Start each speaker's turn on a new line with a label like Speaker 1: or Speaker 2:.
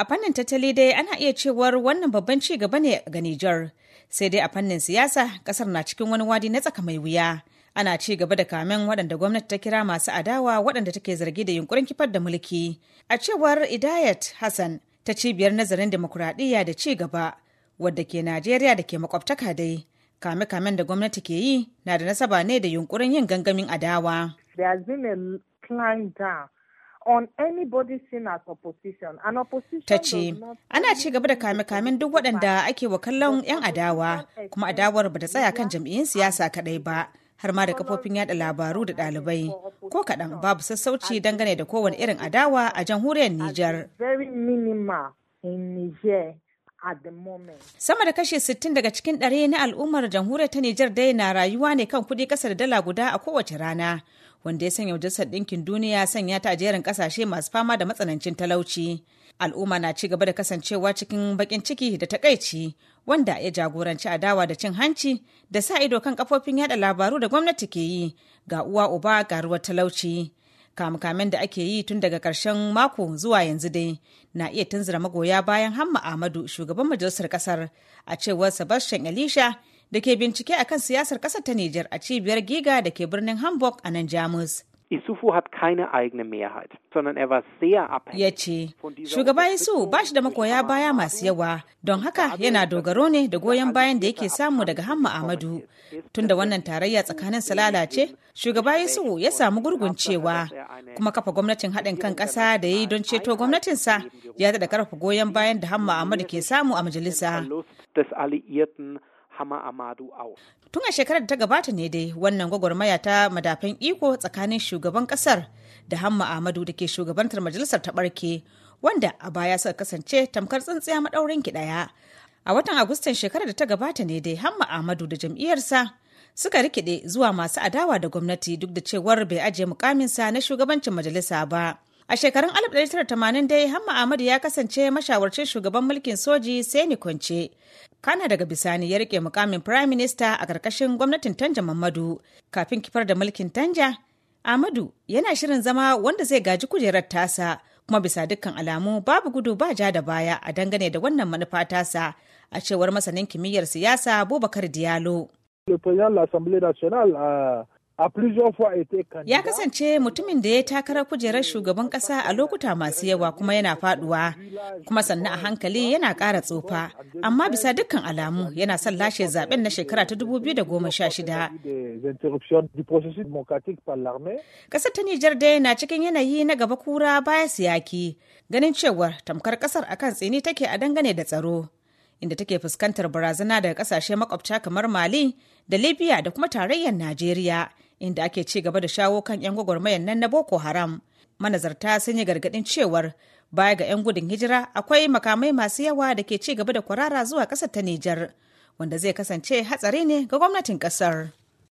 Speaker 1: A fannin tattali dai ana iya cewar wannan babban ci gaba ne ga Nijar. Sai dai a fannin siyasa kasar na cikin wani wadi na tsaka mai wuya. Ana ci gaba da kamen waɗanda gwamnati ta kira masu adawa waɗanda take zargi da yunkurin kifar da mulki. A cewar Idayat Hassan ta cibiyar nazarin demokuraɗiyya da ci gaba wadda ke Najeriya da ke makwabtaka dai. Kame-kamen da gwamnati ke yi na da nasaba ne da yunkurin yin gangamin adawa. There Ta ce, Ana ci gaba da kame-kamen duk waɗanda ake wa kallon 'yan adawa, kuma adawar ba ta tsaya kan jam'iyyun siyasa kaɗai ba, har ma da kafofin yaɗa labaru da ɗalibai. Ko kaɗan babu sassauci dangane da kowane irin adawa a jamhuriyar Nijar. Sama da kashe 60 daga cikin ɗare na al'ummar jamhuriyar ta Nijar dai na rayuwa ne kan kuɗi ƙasa da dala guda a kowace rana. wanda ya sanya majalisar ɗinkin duniya sanya ta a jerin kasashe masu fama da matsanancin talauci al'umma na ci gaba da kasancewa cikin baƙin ciki da takaici wanda ya jagoranci adawa da cin hanci da sa ido kan kafofin yada labaru da gwamnati ke yi ga uwa uba ruwan talauci kamkamen da ake yi tun daga ƙarshen mako zuwa yanzu dai na iya tunzura magoya bayan hamma ahmadu shugaban majalisar ƙasar a cewar sebastian elisha da ke bincike a kan siyasar ƙasar ta Nijar a cibiyar Giga da ke birnin Hamburg a nan Jamus. Isufu hat keine eigene Mehrheit, sondern er war sehr abhängig. Ya ce, shugaba Isu ba shi da makoya baya masu yawa, don haka yana er dogaro ne da goyon bayan da yake samu daga Hamma Ahmadu. Tunda wannan tarayya tsakanin salala ce, shugaba Isu ya samu er gurguncewa, er kuma kafa gwamnatin haɗin kan ƙasa da ya yi don ceto gwamnatinsa ya da karfa goyon bayan da Hamma Ahmadu ke samu a majalisa. Hama Amadu Au. Tun a shekarar da ta gabata ne dai wannan gwagwarmaya ta madafin iko tsakanin shugaban kasar da Hamma Amadu da ke shugabantar majalisar ta barke wanda a baya suka kasance tamkar tsintsiya maɗaurin ki ɗaya. A watan Agustan shekarar da ta gabata ne dai Hamma Amadu da jam'iyyarsa suka rikide zuwa masu adawa da gwamnati duk da cewar bai ajiye mukaminsa na shugabancin majalisa ba. A shekarun 1980 dai Hamma Ahmadu ya kasance mashawarcin shugaban mulkin soji sai ni kwance kana daga bisani ya rike mukamin prime minister a ƙarƙashin gwamnatin tanja mamadu kafin kifar da mulkin tanja amadu yana shirin zama wanda zai gaji kujerar tasa kuma bisa dukkan alamu babu gudu ba ja da baya a dangane da wannan manufa tasa a cewar masanin kimiyyar siyasa abubakar diallo Ya kasance mutumin da ya takarar kujerar shugaban kasa a lokuta masu yawa kuma yana faduwa, kuma sannan a hankali yana ƙara tsufa, amma bisa dukkan alamu yana son lashe zaben na shekara ta 2016. Kasar ta Nijar dai na cikin yanayi na gaba kura baya siyaki, ganin cewar tamkar kasar akan tsini take a dangane da tsaro. inda take fuskantar barazana daga kasashe makwabta kamar mali da libya da kuma tarayyar najeriya inda ake ci gaba da shawo kan 'yan gwagwarmayar nan na Boko Haram. Manazarta sun yi gargaɗin cewar baya ga 'yan gudun hijira akwai makamai masu yawa da ke ci gaba da kwarara zuwa ƙasar ta Nijar, wanda zai kasance hatsari ne ga gwamnatin ƙasar.